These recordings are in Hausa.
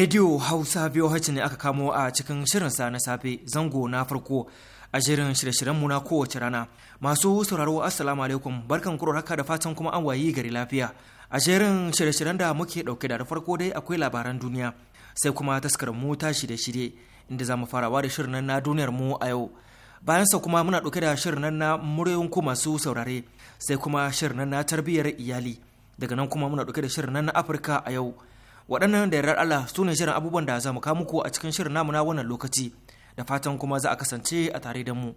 Rediyo Hausa biyu VOH ne aka kamo a cikin shirinsa na safe zango na farko a shirin shirye-shiryenmu na kowace rana. Masu sauraro Assalamu alaikum barkan kuro haka da fatan kuma an wayi gari lafiya. A shirin shirye-shiryen da muke dauke da farko dai akwai labaran duniya sai kuma taskar mu ta shirye-shirye inda za mu farawa da shirin na duniyar mu a yau. Bayan sa kuma muna dauke da shirin na muryoyin ku masu saurare sai kuma shirin na tarbiyyar iyali. Daga nan kuma muna dauke da shirin na Afirka a yau. waɗannan da yarar Allah su ne shirin abubuwan da za mu kawo muku a cikin shirin namu na wannan lokaci da fatan kuma za a kasance a tare da mu.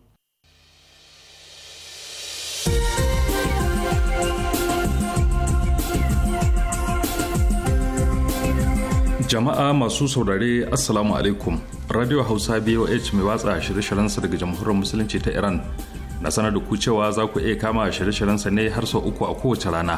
jama'a masu saurare assalamu alaikum radio hausa boh mai watsa shirye-shiryensa daga jamhuriyar musulunci ta iran na sanar da ku cewa za ku iya kama shirye-shiryensa ne har sau uku a kowace rana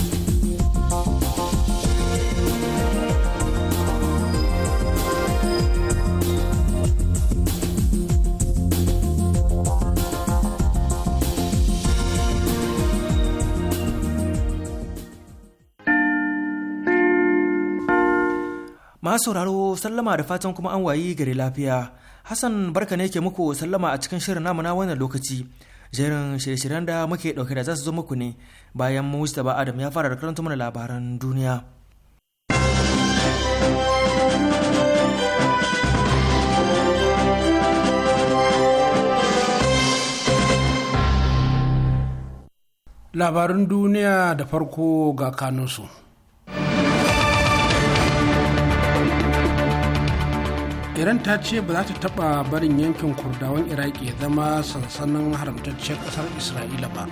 Masu sauraro sallama da fatan kuma an wayi gare lafiya. Hassan barka ne ke muku sallama a cikin shirin namu na wannan lokaci. Jerin shirye-shiryen da muke ɗauke da za su zo muku ne bayan Mustapha Adam ya fara da karanta mana labaran duniya. Labarin duniya da farko ga kanunsu. iran ta ce ba za ta taɓa barin yankin kurdawan iraki ya zama sansanin haramtacciyar ƙasar isra'ila ba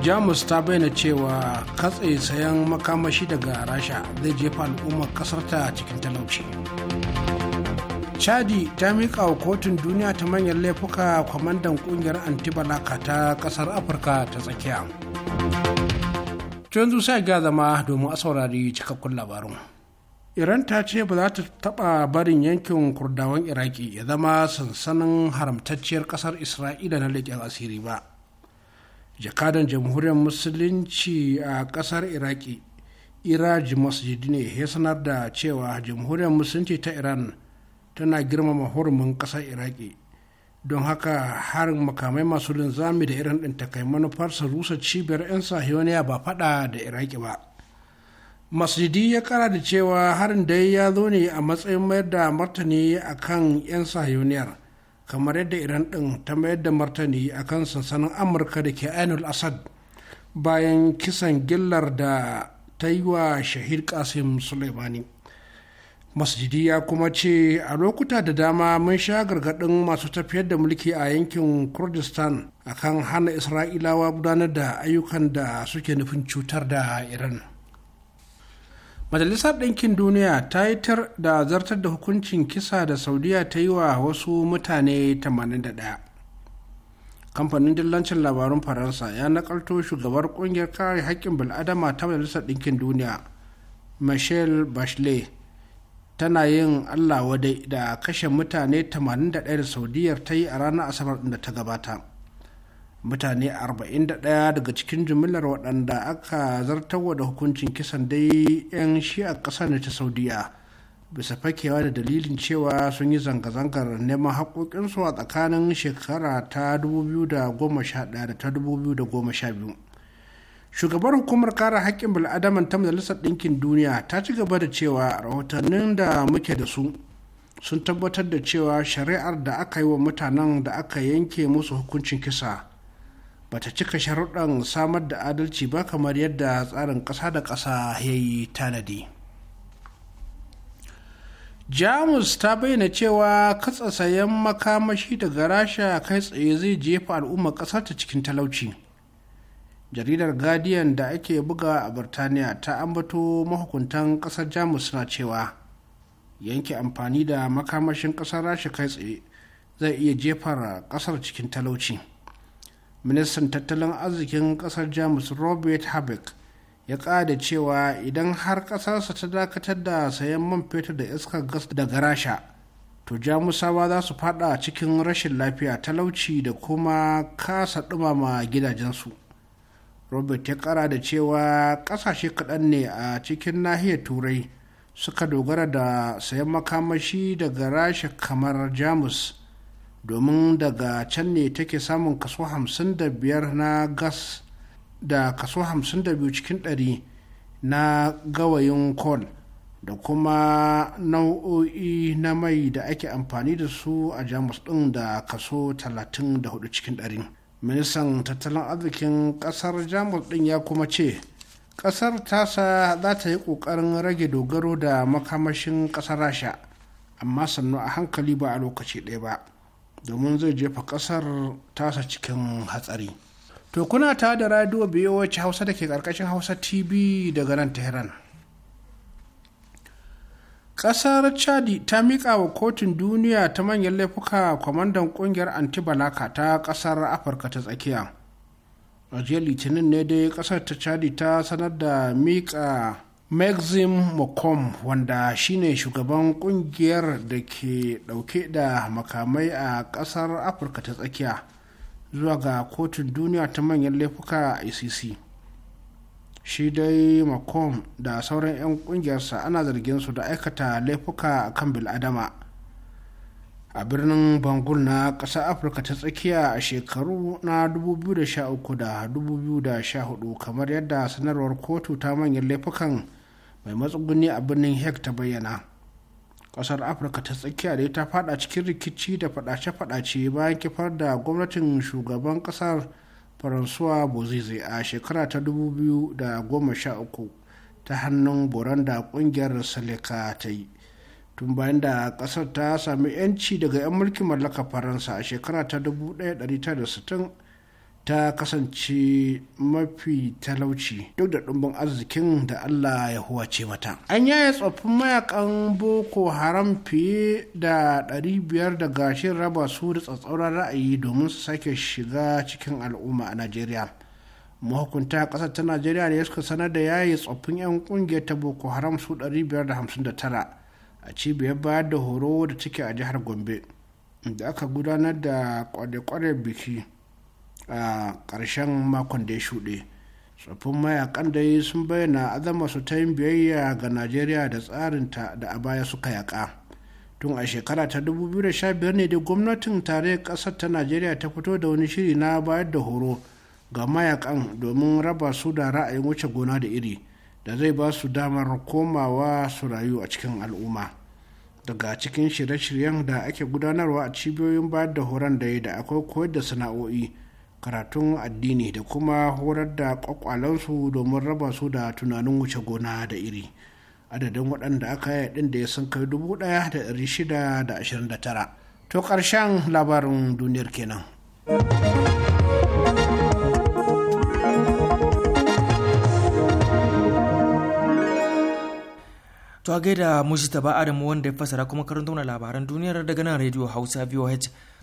jamus ta bayyana cewa katse sayan makamashi daga rasha zai jefa al'ummar kasar ta cikin talauci chadi ta miƙa wa kotun duniya ta manyan laifuka kwamandan ƙungiyar antibalaka ta ƙasar afirka ta tsakiya yanzu sai ga zama domin a saurari cikakkun labarun. iran ta ce ba za ta taɓa barin yankin kurdawan iraki ya zama sansanin haramtacciyar ƙasar isra'ila na leƙen asiri ba jakadan jamhuriyar musulunci a ƙasar iraki iraj Masjidi ne ya sanar da cewa jamhuriyar musulunci ta iran tana girmama hurumin ƙasar iraki don haka harin makamai masu linzami da iran ɗin ta kai manufarsa rusa cibiyar 'yan sahiyoniya ba faɗa da iraki ba masjidi ya kara da cewa harin da ya zo ne a matsayin mayar da martani a kan 'yan sahiyoniyar kamar yadda iran ɗin ta mayar da martani a kan sansanin amurka da ke ainul asad bayan kisan gillar da ta yi wa shahid kasim suleimani masjidi ya kuma ce a lokuta da dama mun sha gargaɗin masu tafiyar da mulki a yankin kurdistan akan hana isra'ilawa gudanar da ayyukan da suke nufin cutar da iran majalisar ɗinkin duniya ta yi tar da zartar da hukuncin kisa da saudiya ta yi wa wasu mutane 81 kamfanin dillancin labarun faransa ya nakalto shugabar ƙungiyar kare haƙƙin bil'adama ta majalisar ɗinkin duniya michelle bachelet tana yin allah wadai da kashe mutane 81 da saudiyar ta yi a ranar asabar da ta gabata mutane 41 daga cikin jimillar waɗanda aka zartarwa da hukuncin kisan dai 'yan shi a ƙasar ta saudiya bisa fakewa da dalilin cewa sun yi zanga-zangar neman haƙoƙinsu a tsakanin shekara ta 2011 da ta 2012 shugabar hukumar kare haƙƙin bil'adaman ta majalisar ɗinkin duniya ta ci gaba da cewa rahotannin da muke da su sun tabbatar da cewa shari'ar da aka yi wa mutanen da aka yanke musu hukuncin kisa bata cika sharuɗan samar da adalci ba kamar yadda tsarin ƙasa da ƙasa ya yi tanadi jamus ta bayyana cewa katsa sayan makamashi daga rasha kai tsaye zai jefa al'ummar ƙasar ta cikin talauci jaridar guardian da ake buga a birtaniya ta ambato mahukuntan ƙasar jamus suna cewa yanke amfani da makamashin ƙasar rasha kai tsaye zai iya jefar ƙasar cikin talauci ministan tattalin arzikin kasar jamus robert habeck ya kada cewa idan har ƙasarsa ta dakatar da sayan man fetur da iskar gas daga rasha to jamusawa za su fada cikin rashin lafiya talauci da kuma kasa dumama gidajensu robert ya ƙara da cewa ƙasashe kaɗan ne a cikin nahiyar turai suka dogara da sayan makamashi daga rasha kamar jamus domin daga can ne take samun kaso 55 na gas da kaso 52 cikin dari na gawayin coal da kuma nau'o'i na mai da ake amfani da su a jamus ɗin da kaso 34 cikin dari. ministan tattalin arzikin ƙasar jamus ɗin ya kuma ce ƙasar tasa za ta yi ƙoƙarin rage dogaro da makamashin ƙasar rasha amma sannu a hankali ba a lokaci ɗaya ba domin zai jefa ƙasar tasa cikin hatsari to kuna ta da radio biyo wacce hausa da ke ƙarƙashin hausa tv daga nan tehran ƙasar chadi ta miƙa wa kotun duniya ta manyan laifuka kwamandan ƙungiyar antibalaka ta ƙasar afirka ta tsakiya a jiya litinin ne dai ƙasar ta chadi ta sanar da miƙa maxim mccomb wanda shine shugaban kungiyar da ke dauke da makamai a kasar afirka ta tsakiya zuwa ga kotun duniya ta manyan laifuka icc shi dai mccomb da sauran 'yan kungiyarsa ana zargin su da aikata laifuka a kan biladama a birnin bangul na ƙasar afirka ta tsakiya a shekaru na 2013 da 2014 kamar yadda sanarwar kotu ta manyan laifukan mai matsuguni a birnin hek ta bayyana kasar afirka ta tsakiya da ta fada cikin rikici da fadace-fadace bayan kifar da gwamnatin shugaban kasar faransuwa bozize a shekara ta 2013 ta hannun boran da kungiyar salika ta yi tun bayan da kasar ta sami 'yanci daga 'yan mulkin mallakar faransa a shekara ta 1960 ta kasance mafi talauci duk da ɗumbin arzikin da Allah ya huwace mata. An yaya tsoffin mayakan Boko Haram fiye da 500 da gashin raba su da tsatsauran ra'ayi domin su sake shiga cikin al'umma a Najeriya. Mahukunta ƙasar ta Najeriya ne suka sanar da yayi tsoffin 'yan ƙungiyar ta Boko Haram su 559 a cibiyar bayar da horo da take a jihar Gombe. Da aka gudanar da kware-kware biki. a ƙarshen makon da ya shuɗe tsoffin mayakan dai sun bayyana azama su ta yin biyayya ga najeriya da tsarinta da a baya suka yaƙa tun a shekara ta 2015 ne da gwamnatin tare ƙasar ta najeriya ta fito da wani shiri na bayar da horo ga mayakan domin raba su da ra'ayin wuce gona da iri da zai ba su damar komawa su rayu a cikin al'umma daga cikin shirye-shiryen da ake gudanarwa a cibiyoyin bayar da horon da da akwai koyar da sana'o'i karatun addini da kuma horar da kwakwalansu domin raba su da tunanin wuce gona da iri adadin waɗanda aka yi ɗin da ya sun kai dubu ɗaya da ɗari shida da ashirin da tara to ƙarshen labarin duniyar kenan to a gaida mujita ba adamu wanda ya fasara kuma karanta labaran duniyar daga nan rediyo hausa voh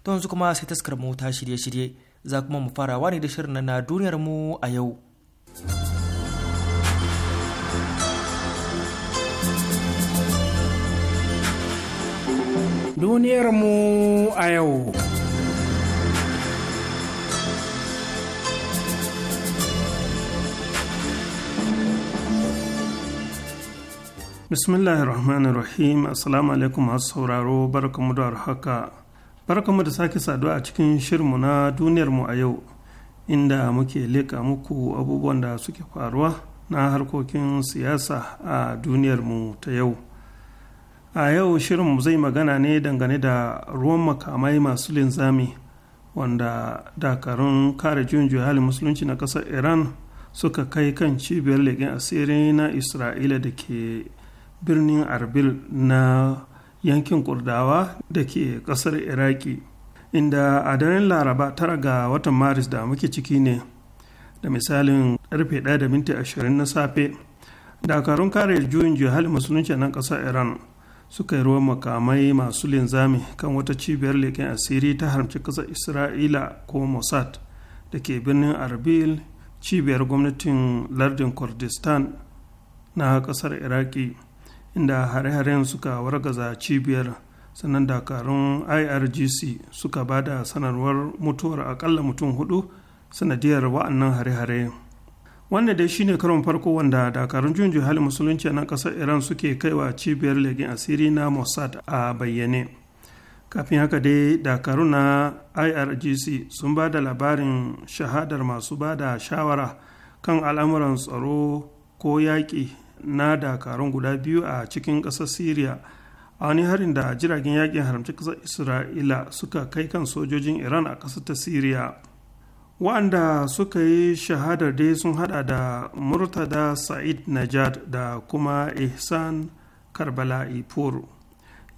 to yanzu kuma sai taskar mu ta shirye-shirye za kuma mu farawa ne da shirin na duniyar mu a yau. Duniyar mu a yau. bismillahir rahmanir rahim assalamu alaikum masu sauraro barkamu da haka barkanmu da sake saduwa a cikin shirmu na duniyar mu a yau inda muke leƙa muku abubuwan da suke faruwa na harkokin siyasa a duniyar mu ta yau a yau mu zai magana ne dangane da ruwan makamai masu linzami wanda dakarun kare juyin halin musulunci na ƙasar iran suka kai kan cibiyar leƙen asiri na isra'ila da ke birnin arbil na yankin kurdawa da ke kasar iraki inda a daren laraba tara ga watan maris da muke ciki ne da misalin karfe 1.20 na safe dakarun kare juyin juhal musulunci nan kasar iran suka yi ruwan makamai masu linzami kan wata cibiyar leken asiri ta haramci kasar isra'ila ko mossad da ke birnin arbil cibiyar gwamnatin lardin kurdistan na kasar iraki inda hare-haren suka wargaza cibiyar sannan dakarun irgc suka ba da sanarwar mutuwar akalla mutum hudu sanadiyar wa'annan hare-hare wanda dai shine karon farko wanda dakarun junju hali musulunci na kasar iran suke kaiwa cibiyar legin asiri na mossad a bayyane kafin haka dai dakarun na irgc sun ba da labarin shahadar masu ba da shawara kan al'amuran tsaro ko yaƙi na dakarun guda biyu a cikin ƙasar syria a wani harin da jiragen yakin haramci ƙasar isra'ila suka kai kan sojojin iran a ƙasar ta syria wa'anda suka yi shahadar dai sun hada da murtada sa'id najad da kuma ihsan karbala ipur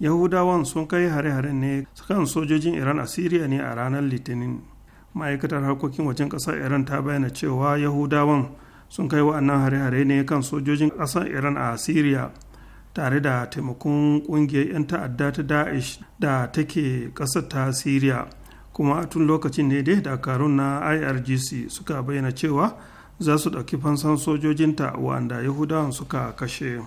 yahudawan sun kai hare-haren ne kan sojojin iran a syria ne a ranar litinin ma'aikatar harkokin wajen ƙasar iran ta bayyana cewa yahudawan sun kai wa'annan hare-hare ne kan sojojin ƙasar iran a syria tare da taimakon ƙungiyar 'yan ta'adda ta daesh da take ƙasar ta syria kuma a tun lokacin ne dai dakarun na irgc suka bayyana cewa za su ɗauki fansan sojojinta wanda yahudawan suka kashe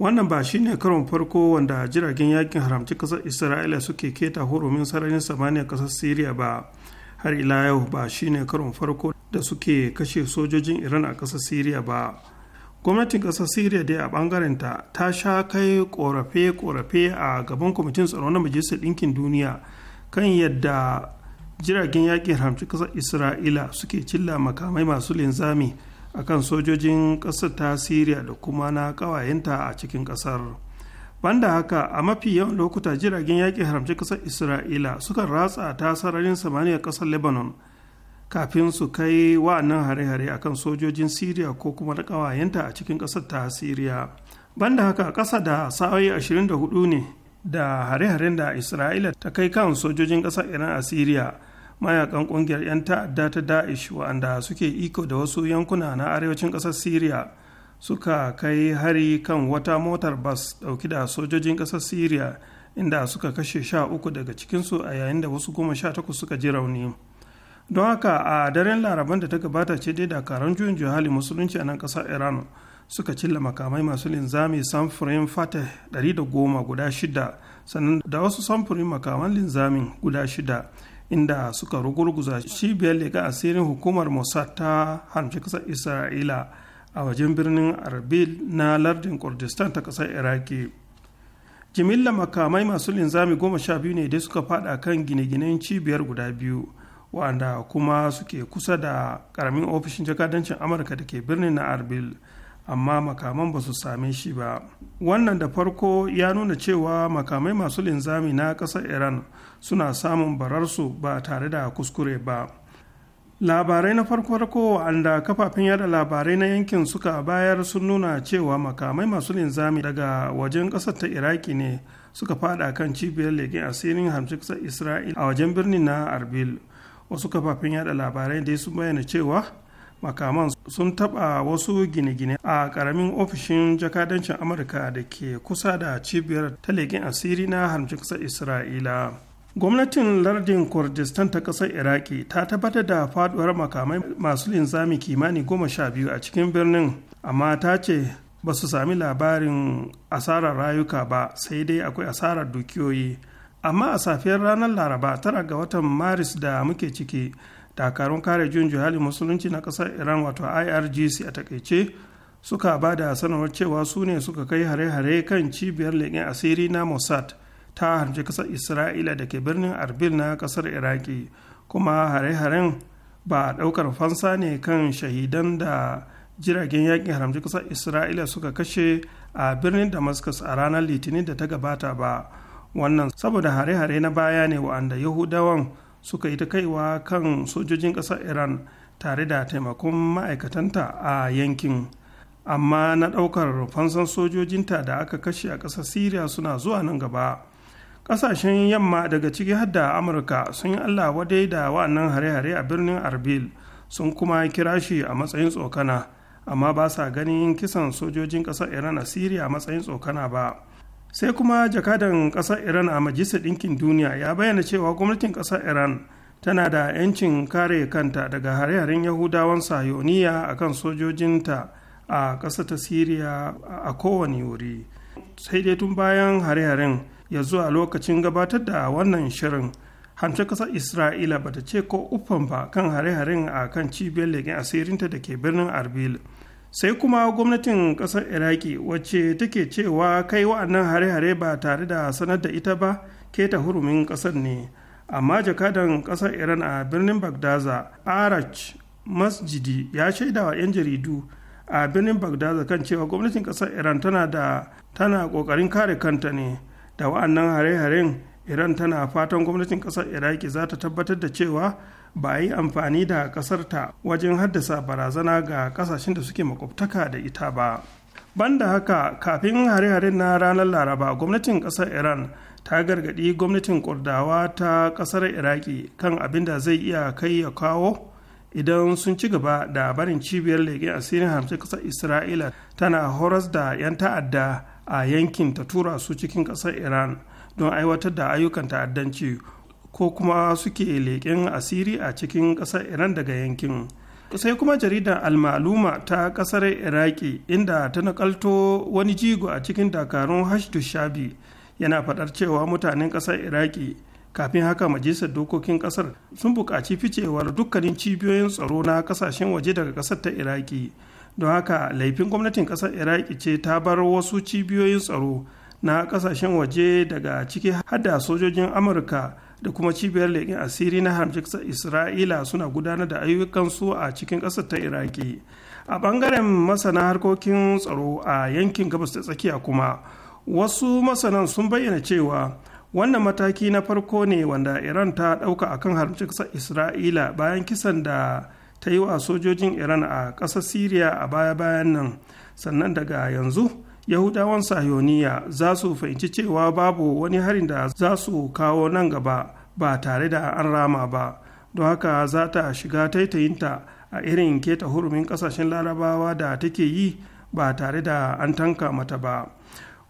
wannan ba shi ne karon farko wanda jiragen yakin haramci ƙasar isra'ila suke keta hurumin sararin samaniya ƙasar syria ba har ila yau ba shine karon farko da suke kashe sojojin iran a ƙasar siriya ba gwamnatin ƙasar siriya dai a ɓangarenta ta sha kai ƙorafe-ƙorafe a gaban kwamitin tsaro na majalisar ɗinkin duniya kan yadda jiragen yaƙin hamci ƙasar isra'ila suke cilla makamai masu linzami akan sojojin ƙasar ta siriya da kuma na ƙawayenta a cikin ƙasar. banda haka a mafi yawan lokuta jiragen yaƙi haramci ƙasar isra'ila suka ratsa ta sararin samaniya ƙasar lebanon kafin su kai wa'annan hare-hare a kan sojojin syria ko kuma da ƙawayenta a cikin ƙasar ta syria banda haka ƙasa da sa'o'i 24 ne da hare-haren da isra'ila ta kai kan sojojin ƙasar iran a syria mayakan ƙungiyar 'yan ta'adda ta da'ish wa'anda suke iko da wasu yankuna na arewacin ƙasar syria suka kai hari kan wata motar bas dauki da sojojin kasar syria inda suka kashe sha uku daga cikinsu a yayin da wasu goma sha takwas suka ji rauni don haka a daren laraban da ta gabata ce dai dakaran juyin juhali musulunci a nan kasar iran suka cilla makamai masu linzami samfurin fatah 110 guda shida sannan da wasu samfurin makaman linzamin guda shida inda suka rugurguza cibiyar leƙa asirin hukumar mossad ta harmci kasar isra'ila a wajen birnin arbil na lardin kurdistan ta ƙasar iraki jimilla makamai masu linzami goma sha biyu ne dai suka fada kan gine-ginen cibiyar guda biyu wanda kuma suke kusa da karamin ofishin jakadancin amurka da ke birnin na arbil amma makaman ba su same shi ba wannan da farko ya nuna cewa makamai masu linzami na kasar iran suna samun bararsu ba tare da kuskure ba labarai na farko farko wanda kafafen yada labarai na yankin suka bayar sun nuna cewa makamai masu linzami daga wajen ƙasar ta iraki ne suka fada kan cibiyar leƙen asirin hamsiksa isra'il a wajen birnin na arbil wasu kafafen yada labarai dai sun bayyana cewa makaman sun taɓa wasu gine-gine a ƙaramin ofishin jakadancin amurka da ke kusa da cibiyar ta leƙen asiri na hamshiksar isra'ila gwamnatin lardin kurdistan ta ƙasar iraki ta tabbatar da faduwar makamai masu linzami kimani goma sha biyu a cikin birnin amma ta ce ba su sami labarin asarar rayuka ba sai dai akwai asarar dukiyoyi amma a safiyar ranar laraba tara ga watan maris da muke ciki dakarun kare juyin musulunci na ƙasar iran wato irgc a takaice suka ba da sanarwar cewa su ne suka kai hare-hare kan cibiyar leƙen asiri na mossad ta harbi kasar isra'ila da ke birnin arbil na kasar iraki kuma hare-haren ba a ɗaukar fansa ne kan shahidan da jiragen yakin haramci kasar isra'ila suka kashe a birnin damascus a ranar litinin da ta gabata ba wannan saboda hare-hare na baya ne wa'anda yahudawan suka yi ta kaiwa kan sojojin kasar iran tare da taimakon ma'aikatanta a yankin amma na ɗaukar fansan sojojinta da aka kashe a ƙasar syria suna zuwa nan gaba kasashen yamma daga ciki har da amurka sun yi allah wadai da wa'annan hare-hare a birnin arbil sun kuma kira shi a matsayin tsokana amma ba sa ganin kisan sojojin ƙasar iran a siriya a matsayin tsokana ba sai kuma jakadan ƙasar iran a majalisar ɗinkin duniya ya bayyana cewa gwamnatin ƙasar iran tana da 'yancin kare kanta daga hare-haren yahudawan sayoniya kan sojojinta a ƙasar ta siriya a kowane wuri sai dai tun bayan hare-haren ya zuwa lokacin gabatar da wannan shirin hancin kasar isra'ila ta ce ko uffan ba kan hare-haren a kan cibiyar legen asirinta da ke birnin arbil sai kuma gwamnatin kasar iraki wacce take cewa kai wa'annan hare-hare ba tare da sanar da ita ba ke ta hurumin kasar ne amma jakadan kasar iran a birnin bagdaza arach masjidi ya shaida wa 'yan jaridu a birnin bagdaza kan cewa gwamnatin kasar iran tana da tana kokarin kare kanta ne da wa'annan hare-haren iran tana fatan gwamnatin kasar iraki za ta tabbatar da cewa ba yi amfani da kasar ta wajen haddasa barazana ga kasashen da suke makwabtaka da ita ba banda haka kafin hare-haren na ranar laraba gwamnatin kasar iran ta gargaɗi gwamnatin kurdawa ta kasar iraki kan abin da zai iya kai ya kawo idan sun ci gaba da barin cibiyar leƙen asirin hamsin kasar isra'ila tana horas da 'yan ta'adda a yankin ta tura su cikin ƙasar iran don aiwatar da ayyukan ta'addanci ko kuma suke leƙen asiri a cikin ƙasar iran daga yankin sai kuma jaridar almaluma ta ƙasar iraki inda ta nakalto wani jigo a cikin dakarun hashdu shabi yana faɗar cewa mutanen ƙasar iraki kafin haka majalisar dokokin ƙasar sun buƙaci ficewar dukkanin cibiyoyin tsaro na ƙasashen waje daga ƙasar ta iraki don haka laifin gwamnatin ƙasar iraki ce ta bar wasu cibiyoyin tsaro na kasashen waje daga ciki hada sojojin amurka da kuma cibiyar leƙen asiri na harjiksa isra'ila suna gudanar da ayyukan su a cikin ƙasar ta iraki a ɓangaren masana harkokin tsaro a yankin gabas ta tsakiya kuma wasu masanan sun bayyana cewa wannan mataki na farko ne wanda iran ta ɗauka akan harjiksa isra'ila bayan kisan da ta yi wa sojojin iran a ƙasar syria a baya-bayan nan sannan daga yanzu yahudawan sayoniya za su fahimci cewa babu wani harin da za su kawo nan gaba ba tare da an rama ba don haka za ta shiga taitayinta a irin keta hurumin kasashen larabawa da take yi ba tare da an tanka mata ba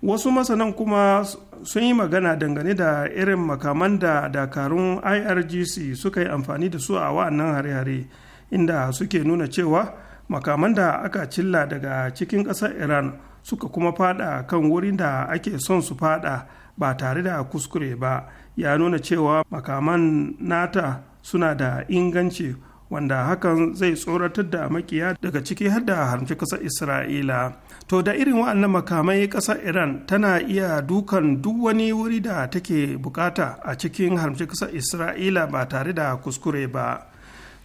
wasu masanan kuma sun yi magana dangane da irin makaman da dakarun irgc suka yi amfani da su a wa'annan hare-hare inda suke nuna cewa makaman da aka cilla daga cikin ƙasar iran suka kuma fada kan wurin da ake son su fada ba tare da kuskure ba ya nuna cewa makaman nata suna da inganci wanda hakan zai tsoratar da makiya daga ciki har da harmci ƙasar isra'ila to da irin wa'annan makamai ƙasar iran tana iya dukan duk wani wuri da take bukata a cikin harmci ƙasar isra'ila ba tare da kuskure ba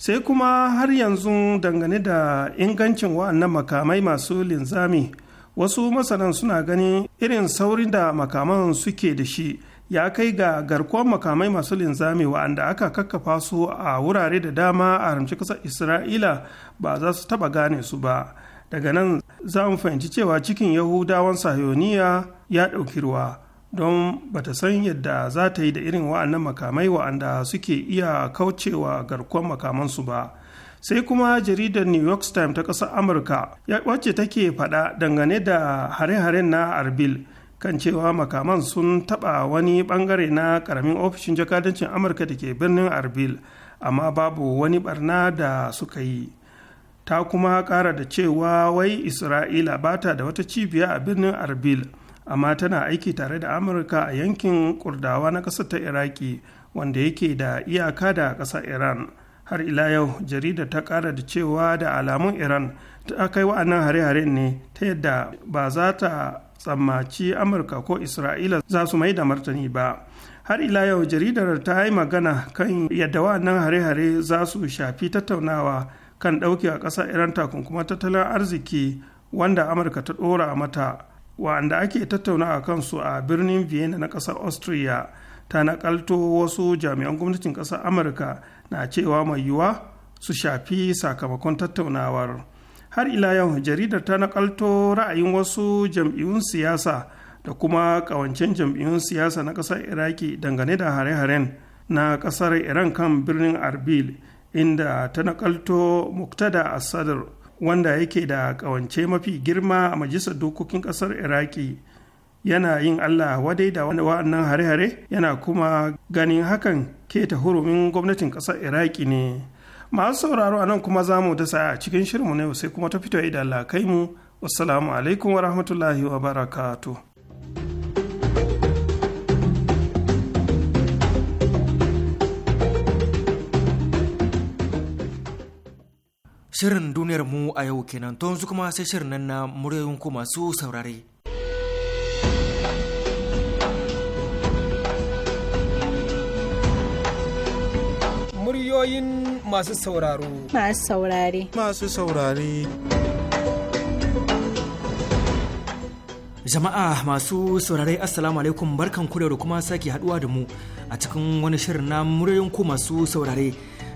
sai kuma har yanzu dangane da ingancin wa'annan makamai masu linzami wasu masanan suna ganin irin saurin da makaman suke da shi ya kai ga garkuwar makamai masu linzami wa'anda aka kakkafa su a wurare da dama a haramci kasar isra'ila ba za su taba gane su ba daga nan za mu fahimci cewa cikin yahudawan sahiyoniya ya ɗauki ruwa don ba ta san yadda za ta yi da irin wa'annan makamai wa'anda suke iya kaucewa garkuwar makamansu ba sai kuma jaridar new york times ta ƙasar amurka wacce take faɗa dangane da hare-haren na arbil kan cewa makaman sun taɓa wani ɓangare na ƙaramin ofishin jakadancin amurka da ke birnin arbil amma babu wani ɓarna da suka yi ta kuma ƙara da cewa wai isra'ila ba ta da wata cibiya a birnin arbil amma tana aiki tare da amurka a yankin kurdawa na ƙasar ta iraki wanda yake da iyaka da ƙasar iran har ila yau jarida ta kara da cewa da alamun iran ta kai wa'annan hare-haren ne ta yadda ba za ta tsammaci amurka ko isra'ila za su mai da martani ba har ila yau jaridar ta yi magana kan yadda wa'annan hare-hare za su shafi tattaunawa kan ɗauke a ƙasar iran takunkuma tattalin arziki wanda amurka ta ɗora mata wa'anda ake tattauna a kansu a birnin vienna na ƙasar austria ta nakalto wasu jami'an gwamnatin ƙasar amurka na cewa mai yiwuwa su shafi sakamakon tattaunawar har ila yau jaridar ta nakalto ra'ayin wasu jam'iyyun siyasa da kuma ƙawancen jam'iyyun siyasa na ƙasar iraki dangane da hare-haren na ƙasar iran kan birnin arbil inda ta nakalto muktada sadar. wanda yake da ƙawance mafi girma a majalisar dokokin ƙasar iraki yana yin allah wadai da wa'annan hare-hare yana kuma ganin hakan ke ta hurumin gwamnatin ƙasar iraki ne masu sauraro a nan kuma za mu dasa a cikin shirinmu ne sai kuma ta fito idan Allah kai mu wassalamu alaikum wa rahmatullahi wa barakatu Shirin duniyar mu a yau kenan to yanzu kuma sai shirin nan na muryoyin ku masu saurare. Muryoyin masu sauraro. Masu saurare. Masu saurare. Jama'a masu saurare Assalamu alaikum barkan ku da kuma sake haduwa da mu a cikin wani shirin na muryoyin ku masu saurare.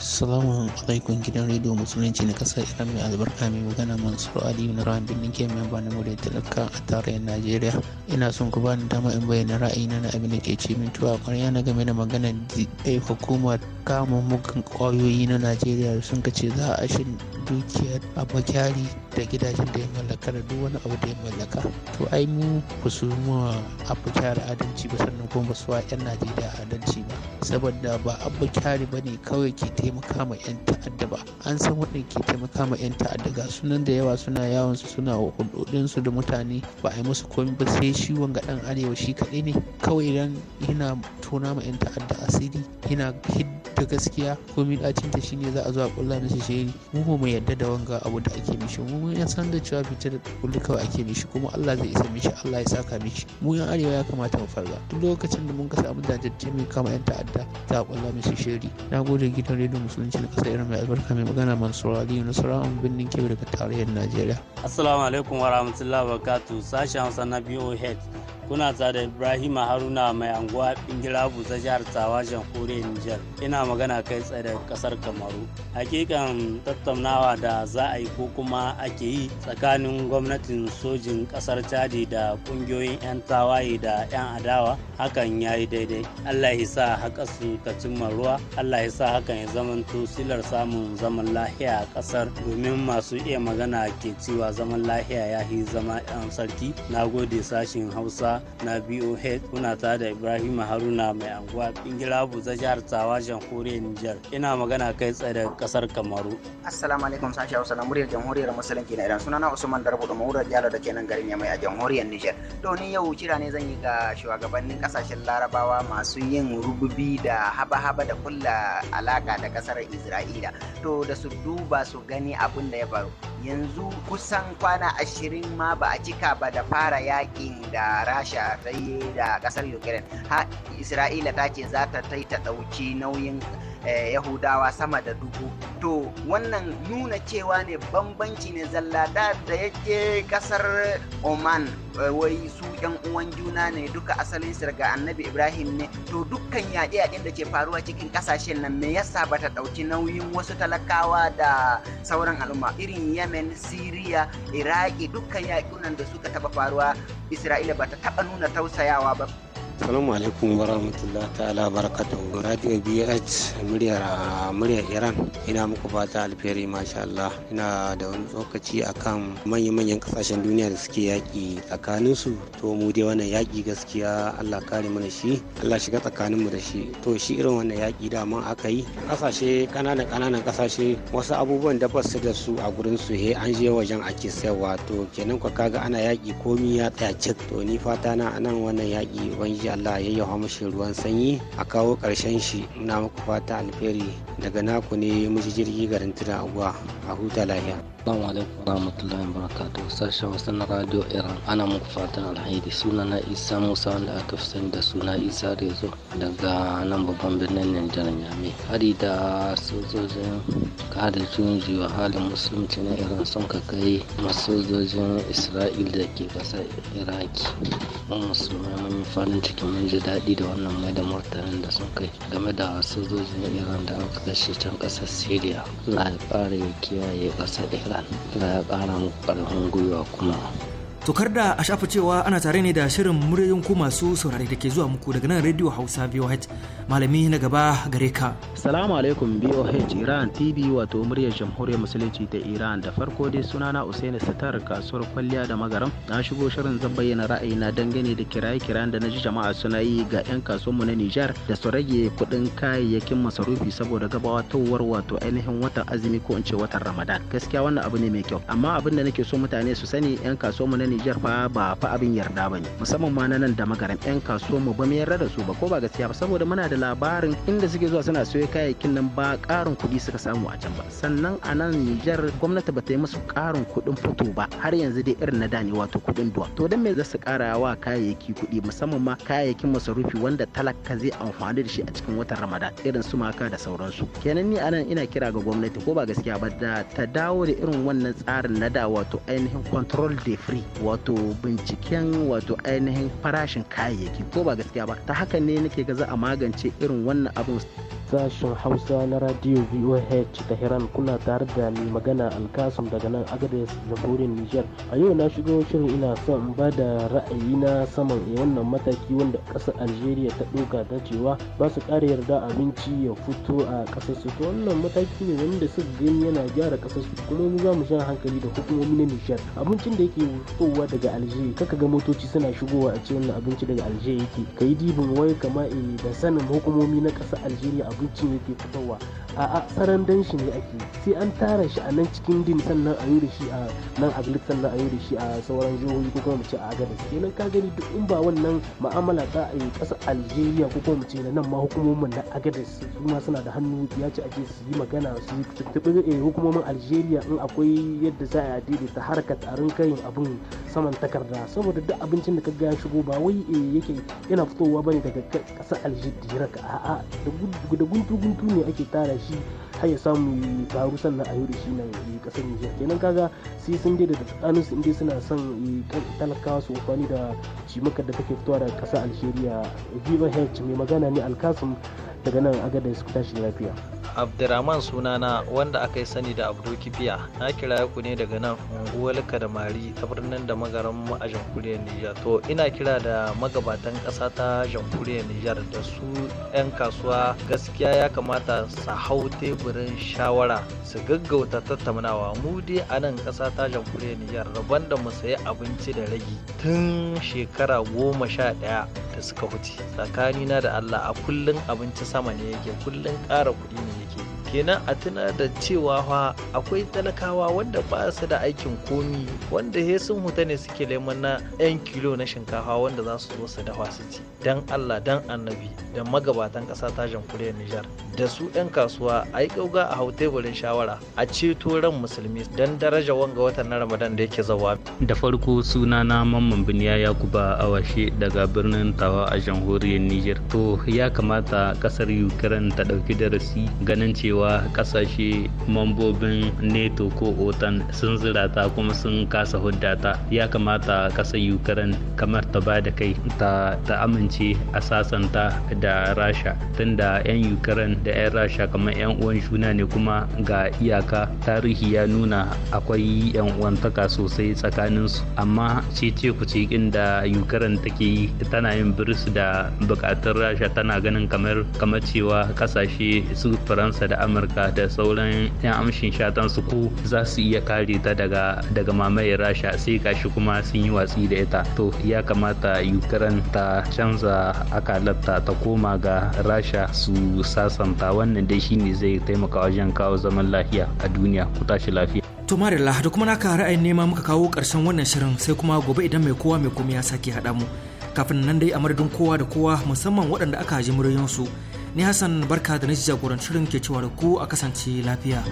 salamu alaikum gidan rediyo musulunci na kasar Iran mai albarka mai magana Mansur Aliyu na rawan birnin Kebbi mai bani da talaka a tarayyar Najeriya. Ina son ku bani dama in bayyana ra'ayina na abin da ke ci min tuwa kwarya na game da maganar da hukumar kama mugun kwayoyi na Najeriya sun kace za a shin dukiyar abokiyari da gidajen da ya mallaka da duk wani abu da ya mallaka to ai mu ba su ma abu adalci ba sannan kuma ba su wa 'yan najeriya adalci ba saboda ba abu kyari ba ne kawai ke taimaka ma 'yan ta'adda ba an san waɗanda ke taimaka ma 'yan ta'adda ga sunan da yawa suna yawon su suna hulɗoɗin da mutane ba a yi musu komai ba sai shi wanga ɗan arewa shi kaɗai ne kawai idan yana tona ma 'yan ta'adda asiri yana hidda gaskiya komai ɗacin ta shine za a zo a ƙulla mishi shiri mu mu yarda da wanga abu da ake mishi mu mu ya san da cewa fita da kullu kawai ake mishi kuma Allah zai isa mishi Allah ya saka mishi mu yan arewa ya kamata mu farga duk lokacin da mun ka samu dajajje mai kama yan ta'adda ta kwalla mishi shiri na gode gidan rediyo musulunci na kasar irin mai albarka mai magana mansur ali nasara an birnin kebe daga tarayyar najeriya assalamu alaikum wa rahmatullahi wa barakatuh sashen hausa na boh kuna da Ibrahim haruna mai anguwa bingira buza jihar tawa Kore nijar ina magana kai tsaye da kasar kamaru hakikan tattaunawa da za a yi ko kuma ake ake yi tsakanin gwamnatin sojin kasar chadi da kungiyoyin 'yan tawaye da 'yan adawa hakan ya yi daidai allah ya sa haka su ka cimma ruwa allah ya sa hakan ya zama silar samun zaman lahiya a kasar domin masu iya magana ke cewa zaman lahiya ya yi zama 'yan sarki na gode sashin hausa na boh kuna ta da ibrahim haruna mai anguwa bingira buza jihar tawajen jamhuriyar niger ina magana kai tsaye da kasar kamaru assalamu alaikum sashi hausa na muryar jamhuriyar musulmi banki idan suna sunana usman darbu da mahura jalo da kenan garin ya mai a jamhuriyar niger to ni yau kira ne zan yi ga shugabannin kasashen larabawa masu yin rububi da haba-haba da kulla alaka da kasar isra'ila to da su duba su gani abin da ya faru yanzu kusan kwana ashirin ma ba a cika ba da fara yakin da rasha ta yi da kasar ukraine ha isra'ila ta ce za ta ta ɗauki nauyin Eh, yahudawa sama da dubu to wannan nuna cewa ne bambanci ne zallada da yaje yake kasar oman eh, wai su yan uwan juna ne duka asalin daga annabi ibrahim ne to dukkan yaƙe yaƙin da ke faruwa cikin ƙasashen nan me yasa ta ɗauki nauyin wasu talakawa da sauran al'umma irin yemen syria iraki dukkan yaƙunan da suka taɓa faruwa isra'ila ba ta taɓa nuna tausayawa ba Salamu alaikum wa ta'ala barakatuhu. Radio BH muryar muryar Iran. Ina muku fata alheri masha Allah. Ina da wani tsokaci akan manya-manyan kasashen duniya da suke yaƙi tsakanin su. To mu dai wannan yaƙi gaskiya Allah kare mana shi. Allah shiga tsakanin mu da shi. To shi irin wannan yaƙi da mun aka yi. Kasashe kananan kananan kasashe wasu abubuwan da basu da su a gurin su he an je wajen ake sayarwa. To kenan ka kaga ana yaƙi komi ya tsaya cik. To ni fata na anan wannan yaƙi ubangiji ubangiji allah ya yawa mashi ruwan sanyi a kawo ƙarshen shi na muku fata alheri daga naku ne ji jirgi garin tunan abuwa a huta lahiya Assalamu alaikum warahmatullahi wabarakatuh sashen wasu na radio Iran ana muku fatan alhairi suna na Isa Musa wanda aka fi sani da suna Isa Rezo daga nan babban birnin Nijar Nyame. Hari da sojojin kare junjiwa halin musulunci na Iran sun ka kai masojojin Isra'il da ke ƙasar Iraki. Mun musulmai mun yi farin ciki mun ji daɗi da wannan mai da martanin da sun kai game da sojojin Iran da aka kashe can ƙasar Syria. Allah ya ƙara ya kiyaye ƙasar Allah ya ƙara muku gwiwa kuma Tokar da a shafa cewa ana tare ne da shirin muryoyin ku masu saurari da ke zuwa muku daga nan Radio Hausa VOH. Malami na gaba gare ka. Salamu alaikum VOH Iran TV wato muryar Jamhuriyar Musulunci ta Iran da farko dai sunana Usaini Sitar kasuwar kwalliya da magaram. Na shigo shirin zan bayyana ra'ayina dangane da kiraye kiran da na ji jama'a suna yi ga 'yan kasuwanmu na Nijar da su rage kuɗin kayayyakin masarufi saboda gabawa tawar wato ainihin watan azumi ko in ce watan Ramadan. Gaskiya wannan abu ne mai kyau. Amma abin da nake so mutane su sani 'yan kasuwanmu na Nijar fa ba fa abin yarda ne musamman ma na nan da magaran yan kasuwar mu ba mu yarda da su ba ko ba gaskiya ba saboda muna da labarin inda suke zuwa suna sayo kayayyakin nan ba karin kuɗi suka samu a can ba sannan a nan Nijar gwamnati ba ta yi musu karin kuɗin fito ba har yanzu dai irin na dani wato kuɗin duwa to dan me za su kara wa kayayyaki kuɗi musamman ma kayayyakin masarufi wanda talaka zai amfani da shi a cikin watan Ramadan irin su maka da sauransu kenan ni anan ina kira ga gwamnati ko ba gaskiya ba da ta dawo da irin wannan tsarin na da wato ainihin control de free wato binciken wato ainihin farashin kayayyaki ko ba gaskiya ba ta haka ne nake ga za a magance irin wannan abin sashen hausa na radio voh tehran kuna tare da mai magana alkasum daga nan agadez jamhuriyar niger a yau na shigo shirin ina son in ba da ra'ayi na saman eh, wannan mataki wanda ƙasar algeria ta ɗauka ta cewa ba su ƙara yarda abinci ya fito a ƙasar su to wannan mataki ne wanda suka gani yana gyara ƙasar su kuma mu za mu sha hankali da hukumomi na niger abincin da yake fitowa abubuwa daga algeria kaka ga motoci suna shigowa a cikin abinci daga algeria yake ka yi dibin wai kama eh, da sanin hukumomi na ƙasa algeria abincin yake fitowa a'a tsaron dan shi ne ake sai an tara shi a nan cikin din sannan a yi da shi a nan aglik sannan a yi da shi a sauran jihohi ko kuma mu ce a agadis kenan ka gani duk in ba wannan ma'amala ta a yi eh, ƙasa algeria ko kuma mu ce na nan ma hukumomin na agadis su ma suna da hannu ya ce ake su yi magana su tuntuɓi eh, hukumomin algeria in akwai yadda za a daidaita harkar tsarin kayan abin saman takarda saboda duk abincin da ka ga shigo ba wai eh, yake yana fitowa bane daga ƙasar ka a'a da guntu guntu ne ake tara shi har ya samu faru sannan a da shi na kasar eh, Nijar kenan kaga sai sun dai da tsakaninsu inda suna son eh, talakawa su amfani da cimakar da take fitowa daga kasar Algeria Viva H mai magana ne Alkasim daga nan da su tashi lafiya abdurrahman sunana wanda aka yi sani da abdul kibiya na kira ku ne daga nan unguwar mari ta birnin da magaran mu a jamhuriyar nijar to ina kira da magabatan ƙasa ta jamhuriyar nijar da su 'yan kasuwa gaskiya ya kamata su hau teburin shawara su gaggauta tattaunawa mu dai a nan ƙasa ta jamhuriyar nijar rabon da mu sayi abinci da ragi tun shekara goma sha ɗaya da suka wuce tsakanina da allah a kullum abinci sama ne yake kullum ƙara kuɗi ne yake kenan a tuna da cewa fa akwai talakawa wanda ba su da aikin komi wanda he sun huta ne suke neman na 'yan kilo na shinkafa wanda za su zo su dafa su ci dan Allah dan annabi da magabatan ƙasa ta jamhuriyar Nijar da su 'yan kasuwa a yi ƙauga a hau teburin shawara a ceto ran musulmi dan daraja wanga watan na Ramadan da yake zawa. Da farko suna na Mamman Biniya Yakuba Awashe daga birnin Tawa a jamhuriyar Nijar. To ya kamata kasar Ukraine ta ɗauki darasi ganin cewa ƙasashe mambobin NATO ko OTAN sun zirata kuma sun kasa hudata Ya kamata kasar Ukraine kamar ta ba da kai ta amince kasance a sasanta da rasha tunda 'yan ukraine da 'yan rasha kamar 'yan uwan juna ne kuma ga iyaka tarihi ya nuna akwai 'yan uwantaka sosai tsakaninsu amma cece kuce da ukraine take yi tana yin biris da bukatun rasha tana ganin kamar kamar cewa kasashe su faransa da amurka da sauran 'yan amshin shatan su ko za su iya kare ta daga daga mamaye rasha sai gashi kuma sun yi watsi da ita to ya kamata ukraine ta canza aka akalarta ta koma ga rasha su sasanta wannan dai shine zai taimaka wajen kawo zaman lafiya a duniya ku tashi lafiya to marilla da kuma naka ra'ayin nema muka kawo karshen wannan shirin sai kuma gobe idan mai kowa mai komai ya sake haɗa mu kafin nan dai a madadin kowa da kowa musamman waɗanda aka ji muryoyinsu ni hassan barka da na jagoran shirin ke cewa da ku a kasance lafiya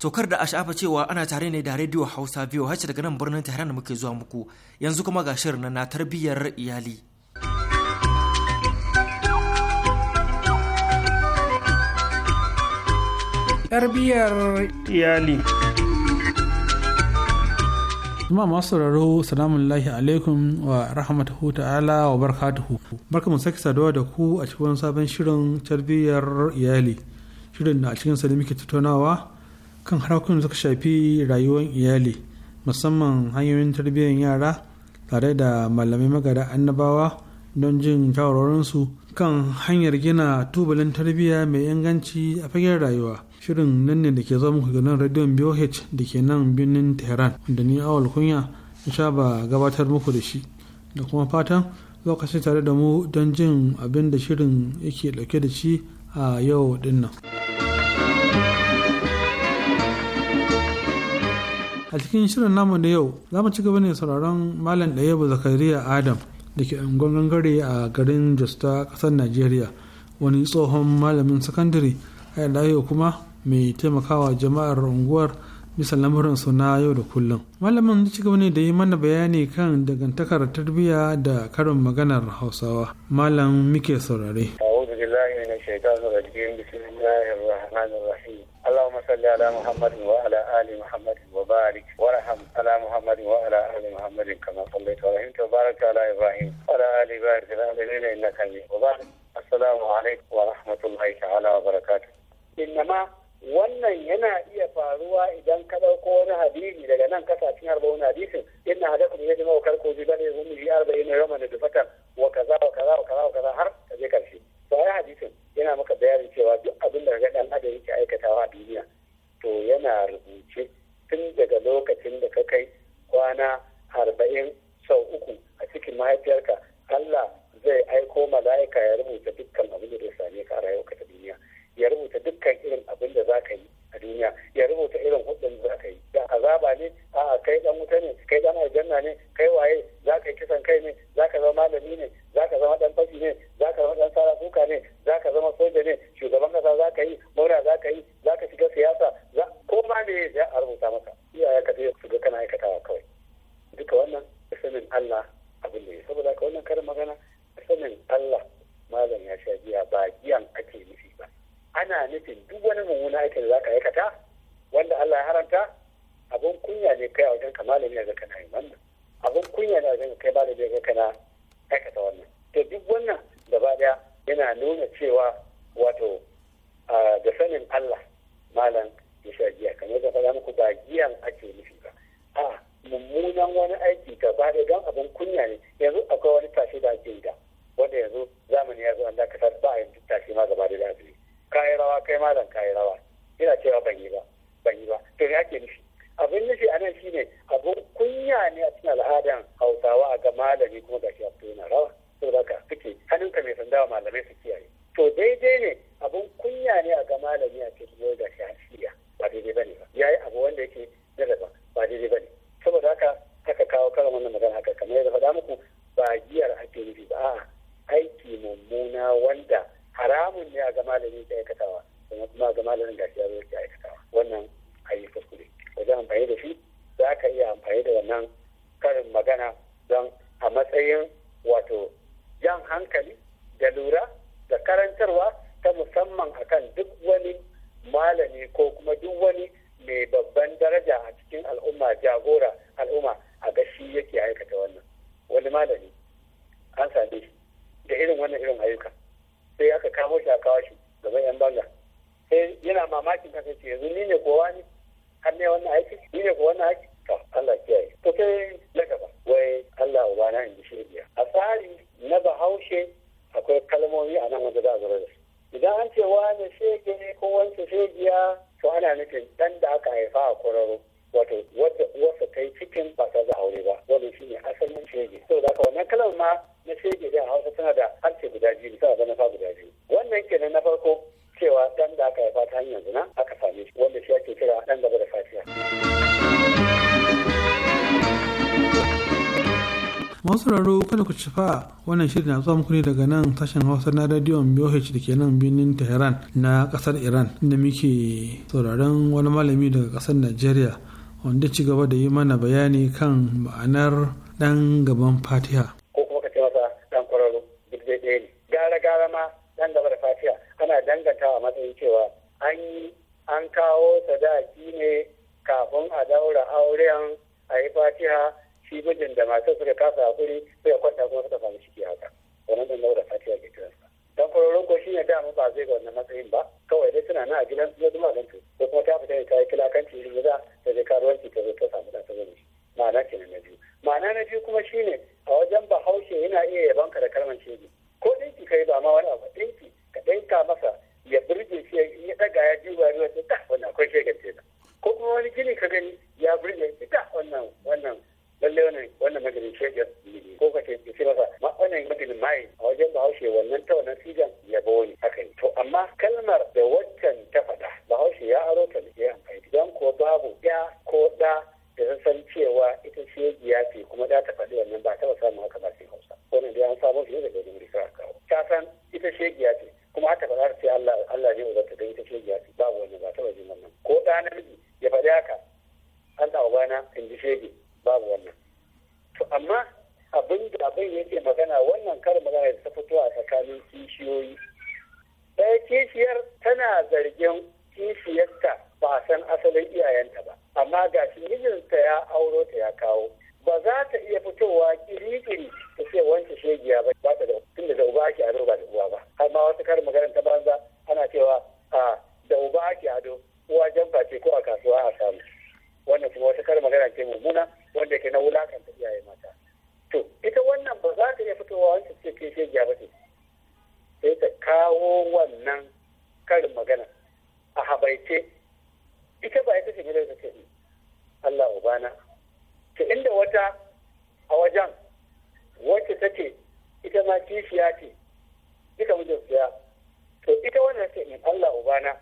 tokar da a sha'afa cewa ana tare ne da rediyo hausa biyu hacci daga nan birnin tehran da muke zuwa muku yanzu kuma ga shirin na tarbiyyar iyali tarbiyyar iyali Jama'a masu sauraro salamu alaihi alaikum wa rahmatuhu ta'ala wa barakatuhu. Barkamu sake saduwa da ku a cikin sabon shirin tarbiyyar iyali. Shirin na a cikin sa muke tattaunawa kan harakun suka shafi rayuwar iyali musamman hanyoyin tarbiyyar yara tare da malamai magada annabawa don jin shawarorinsu kan hanyar gina tubalin tarbiyya mai inganci a fagen rayuwa shirin nan ne da ke zo muku ganin radion boh da ke nan birnin tehran da ni awal kunya in sha ba gabatar muku da shi da kuma fatan lokaci tare da mu don jin abin da shirin yake dauke da shi a yau dinnan. a cikin shirin namu na yau za mu ci gaba ne sauraron malam Zakari zakariya adam da ke ungon gangare a garin jos ta ƙasar najeriya wani tsohon malamin sakandare a yau kuma mai taimakawa jama'ar unguwar bisa lamarin su na yau da kullum malamin ci gaba ne da yi mana bayani kan dangantakar tarbiyya da karin maganar hausawa malam muke saurare اللهم صل على محمد وعلى Ali محمد وبارك وارحم على محمد وعلى آل محمد كما صليت ورحمت وبارك على إبراهيم وعلى آل إبراهيم العالمين إنك حميد وبارك السلام عليكم ورحمة الله تعالى وبركاته إنما wannan yana iya faruwa idan ka ɗauko wani hadisi daga nan kasashen wani hadisin inna hadakum da jima kar koji bane hum yi arba'in yawma da dufatan wa kaza wa kaza wa kaza wa kaza har ka je karshe to ai hadisin yana maka bayanin cewa duk abin da ga dan adam yake aikatawa a duniya to yana rubuce tun daga lokacin da ka kai kwana arba'in sau uku a cikin mahaifiyarka Allah zai aiko mala'ika ya rubuta dukkan abin da same ka a rayuwarka ta duniya ya rubuta dukkan irin abin da za ka yi a duniya ya rubuta irin hudun za ka yi da azaba ne a kai dan wuta ne kai dan aljanna ne kai waye za ka yi kisan kai ne za ka zama malami ne za ka zama dan fashi ne za ka zama dan sara kuka ne za ka zama soja ne shugaban kasa za ka yi mura za ka yi za ka shiga siyasa za ko ma me ya a rubuta maka iyaye ka su ga kana aikatawa kawai duka wannan sanin Allah abin da ya saboda ka wannan karin magana sanin Allah malam ya sha giya ba giyan ake nufi ana nufin duk wani mummuna aikin da za ka aikata wanda Allah ya haranta abin kunya ne kai a wajen ka malami a zaka na yi wannan abin kunya ne a wajen kai malami ya zaka na aikata wannan to duk wannan gaba daya yana nuna cewa wato da sanin Allah malam ya sha giya kamar da faɗa muku ba giyan ake nufi ba a mummunan wani aiki gaba daya don abin kunya ne yanzu akwai wani tashi da ake yi da wanda yanzu zamani ya zo an dakatar ba a yanzu tashi ma gaba daya da ake kayi rawa kai malam kayi rawa ina cewa ban yi ba ban yi ba to ya ake nufi abin nufi a nan shine abin kunya ne a cikin al'adan hausawa a ga malami kuma ga shi a yana rawa saboda ka suke hannunka mai sanda wa malamai su kiyaye to daidai ne abin kunya ne a ga malami a ce kuma ga shi a shirya ba daidai ne ba yayi abu wanda yake na daban ba daidai ba ne. saboda haka aka kawo karin wannan magana haka kamar yadda faɗa muku ba giyar ake nufi ba a'a aiki mummuna wanda haramun ne a ga malami ta aikatawa kuma kuma ga malamin da ya zo aikatawa wannan ayi kuskure wajen amfani da shi za ka iya amfani da wannan karin magana don a matsayin wato yan hankali da lura da karantarwa ta musamman akan duk wani malami ko kuma duk wani mai babban daraja a cikin al'umma jagora al'umma a ga shi yake aikata wannan wani malami an same da irin wannan irin ayyuka sai aka kawo shi a kawo shi gaban yan banga sai yana mamakin kasa ce yanzu ni ne kowa ne har ne wannan aiki ni ne kowa wannan aiki to Allah kiyaye to sai na gaba wai Allah ubana in shi biya. a tsari na bahaushe akwai kalmomi a nan wanda za a zo da su idan an ce wane shege ko wance shegiya to ana nufin dan da aka haifa a kwararo wato wadda ta yi cikin ba ta za aure ba wanda shi ne asalin shege saboda haka wannan kalmar ma na shege a hausa suna da harshe guda biyu suna da nafa guda biyu wannan kenan na farko cewa dan da aka haifa ta hanyar zina aka same shi wanda shi ake kira dan gaba da fatiya. masu raro kada ku shafa wannan shirin na zuwa muku ne daga nan sashen hausa na radiyon BOH da ke nan birnin Tehran na kasar Iran na muke sauraron wani malami daga kasar Najeriya wanda ci gaba da yi mana bayani kan ma'anar dan gaban fatiha. tana dangantawa matsayin cewa an yi an kawo sadaki ne kafin a daura auren a yi fatiha shi mijin da masu suka kasa hakuri ya kwanta kuma suka samu ciki haka wannan da daura fatiha ke kiran sa dan kwaroron ko shi ne mu ba zai ga wannan matsayin ba kawai dai suna na a gidan su zama su ko kuma ta fita ne ta yi kilakanci irin da ta je karuwanci ta zo ta samu da ta zo ma'ana ke na biyu ma'ana na biyu kuma shine a wajen bahaushe yana iya yabanka da kalmar shege ko ɗinki kai ba ma wani abu ɗinki ka masa ya burge shi ya ɗaga ya duba ruwa ta ta wannan akwai shegar na ko kuma wani gini ka gani ya burge shi ta wannan wannan lallai wannan wannan maganin shegar ne ko ka ce shi masa ma wannan maganin mai a wajen bahaushe wannan ta wannan sigan ya ba wani haka to amma kalmar da waccan ta faɗa bahaushe ya aro ta da ya amfani don ko babu ya ko da da san cewa ita ce ya ce kuma da ta faɗi wannan ba taɓa samun haka ba sai hausa wannan dai an samu shi ne daga wurin kawo ta san ita ce ya ce kuma haka ba za ta ce Allah Allah ta ubanta da ita shege ce babu wani ba ta wajen wannan ko ɗa namiji ya faɗi haka Allah ubana in ji shege babu wannan to amma abin da abin yake magana wannan kar magana da ta fito a tsakanin kishiyoyi ɗaya kishiyar tana zargin kishiyarta ba a san asalin iyayenta ba amma ga shi mijinta ya auro ta ya kawo ba za ta iya fitowa kiri-kiri ta ce wancan shegiya ba ba ta da tun da uba ake ado ba da uwa ba har ma wasu karin magana ta banza ana cewa a da uba ake ado uwa jamfa ce ko a kasuwa a samu wannan kuma wata karin magana ce mummuna wanda ke na ta iyaye mata to ita wannan ba za ta iya fitowa wancan ce ke shegiya ba ce sai ta kawo wannan karin magana a habaice ita ba ita ce da ta ce Allah ubana sa'in da wata a wajen wacce ce ita ma kishiya ce ita mijin siya to ita wannan ce in Allah ubana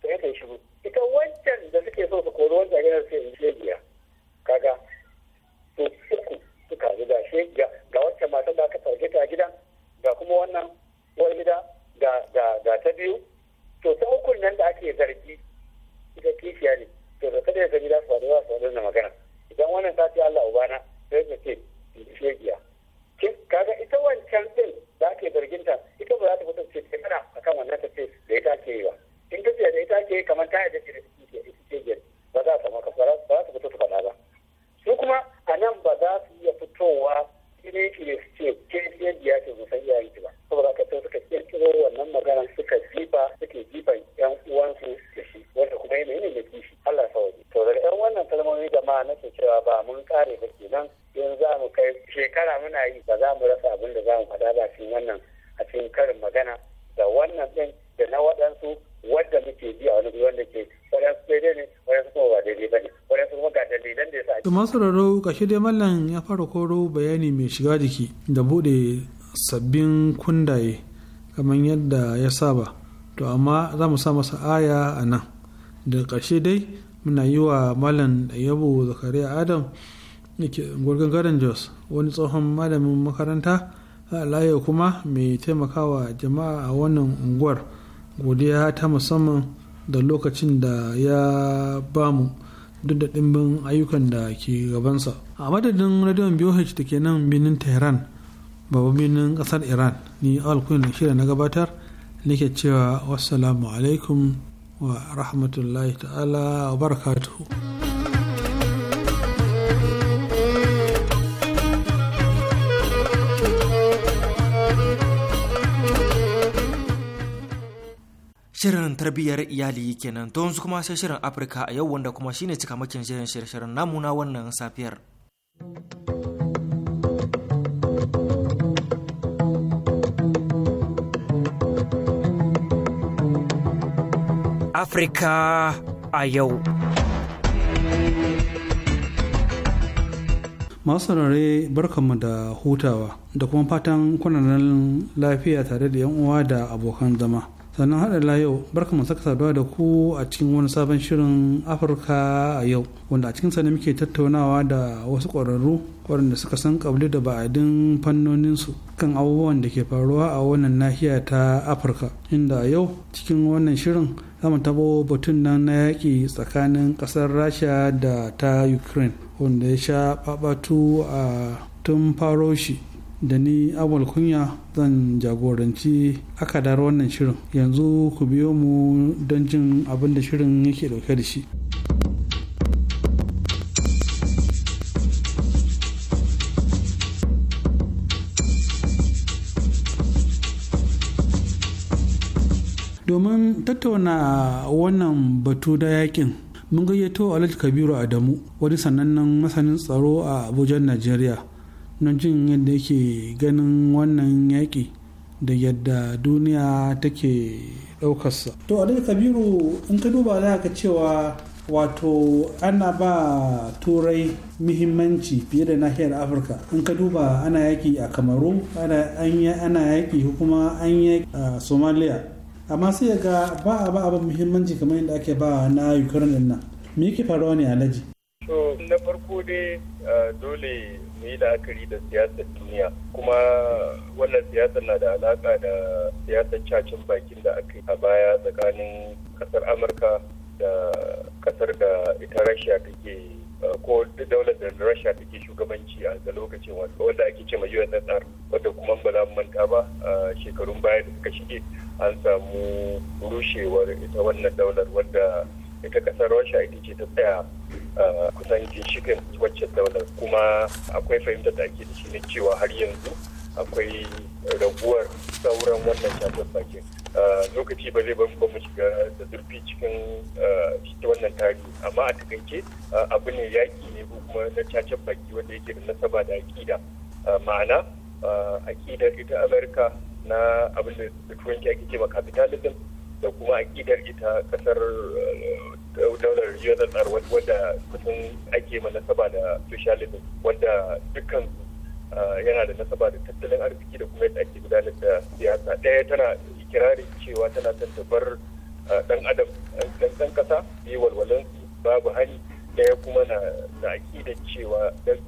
to ya kai shigo ita wancan da suke so su koro wancan gidan sai in biya kaga to uku suka da shi ga wancan mata da aka farge ta gidan ga kuma wannan uwar gida ga ta biyu to ta ukun nan da ake zargi ita kishiya ne to da kada ya gani gida su faɗi za su faɗi magana idan wannan ta ce Allah ubana sai ta ce shegiya kaga ita wancan din za ka yi zarginta ita ba za ta fito ce a akan wannan ta ce da ita ke yi ba in ka ce da ita ke kamar ta yadda ce da ita ce ba za ta maka ba za ta fito ta faɗa ba su kuma a nan ba za su iya fitowa ne ne ce ke shegiya ce musan iyayen ki ba saboda ka sai suka kirkiro wannan magana suka jifa suke jifan yan uwansu da shi wanda kuma yanayi ne da kishi Allah sawaje to daga yan na nake cewa ba mun kare ba kenan yanzu za mu kai shekara muna yi ba za mu rasa abin da za mu faɗa ba cikin wannan a cikin karin magana da wannan ɗin da na waɗansu wadda muke bi a wani guri wanda ke waɗansu daidai ne waɗansu kuma ba daidai ba ne waɗansu kuma ga dalilan da ya sa. Tuma sauraro kashe dai mallan ya fara koro bayani mai shiga jiki da buɗe sabbin kundaye kamar yadda ya saba to amma za mu sa masa aya a nan da ƙarshe dai muna yi wa malam yabo zakariya adam garin jos wani tsohon malamin makaranta a layo kuma mai taimakawa jama'a a wannan unguwar godiya ta musamman da lokacin da ya ba mu duk da ɗimbin ayyukan da ke gabansa a madadin radiyon boh da ke nan birnin tehran babban birnin ƙasar iran ni alkuin shida na gabatar nake cewa wassalamu alaikum wa rahmatullahi ta'ala wa barakatuhu Shirin tarbiyyar iyali kenan to yanzu kuma sai shirin Afirka a yau wanda kuma shine makin shirin shirye namuna wannan safiyar. Afirka a yau. Masu rare barkanmu da hutawa da kuma fatan kunanan lafiya tare da 'yan uwa da abokan zama. sannan haɗa yau barka mu saka saduwa da ku a cikin wani sabon shirin afirka a yau wanda a cikinsa ne muke tattaunawa da wasu ƙwararru waɗanda suka san ƙabli da ba'adin fannoninsu kan abubuwan da ke faruwa a wannan nahiya ta afirka inda a yau cikin wannan shirin zamu tabo batun nan na yaƙi tsakanin ƙasar rasha da ta ukraine wanda ya sha ɓaɓatu a tun faro shi da ni awal kunya zan jagoranci akadar wannan shirin yanzu ku biyo mu don jin abin da shirin yake dauke da shi domin tattauna wannan batu da yakin mun gayyato alhaji kabiru adamu wani sanannen masanin tsaro a abuja najeriya na jin yadda yake ganin wannan yaƙi da yadda duniya take ɗaukarsa. to a kabiru in ka duba za ka cewa wato ana ba turai muhimmanci fiye da nahiyar afirka in ka duba ana yaƙi a kamaru ana yaƙi kuma an yi a somalia amma sai ga ba a ba abin muhimmanci kamar yadda ake ba na ukraine nan me yake faruwa ne alaji? to na farko dai ah, dole mu yi la'akari da siyasar duniya kuma wannan siyasar na da alaka da siyasar cacin bakin da aka yi a baya tsakanin kasar amurka da kasar da ita rasha take uh, ko daular da rasha take shugabanci a da lokacin wanda ake ce ma ussr wadda kuma ba za mu manta ba a shekarun baya da suka shige an samu rushewar ita wannan daular wadda ita kasar russia ita ce ta tsaya eh, kusan ginshikin wacce daular kuma akwai fahimtar da ake da shi ne cewa har yanzu akwai raguwar sauran wannan shafin bakin eh, lokaci ba zai ba mu shiga da zurfi cikin eh, wannan tarihi amma a takaice abu ne yaƙi ne ko kuma na cacen baki wanda yake da nasaba da aƙida ma'ana aƙidar ita amurka na abin da turanci ake ce ma capitalism da kuma akidar ita kasar eh, daular USSR wadda kusan ake ma nasaba da socialism wadda dukkan eh, yana da nasaba da tattalin arziki da kuma yadda ake gudanar da siyasa ɗaya tana ikirarin cewa tana son ta bar dan eh, adam dan kasa yi walwalan babu hani ɗaya kuma na na akidar cewa ɗan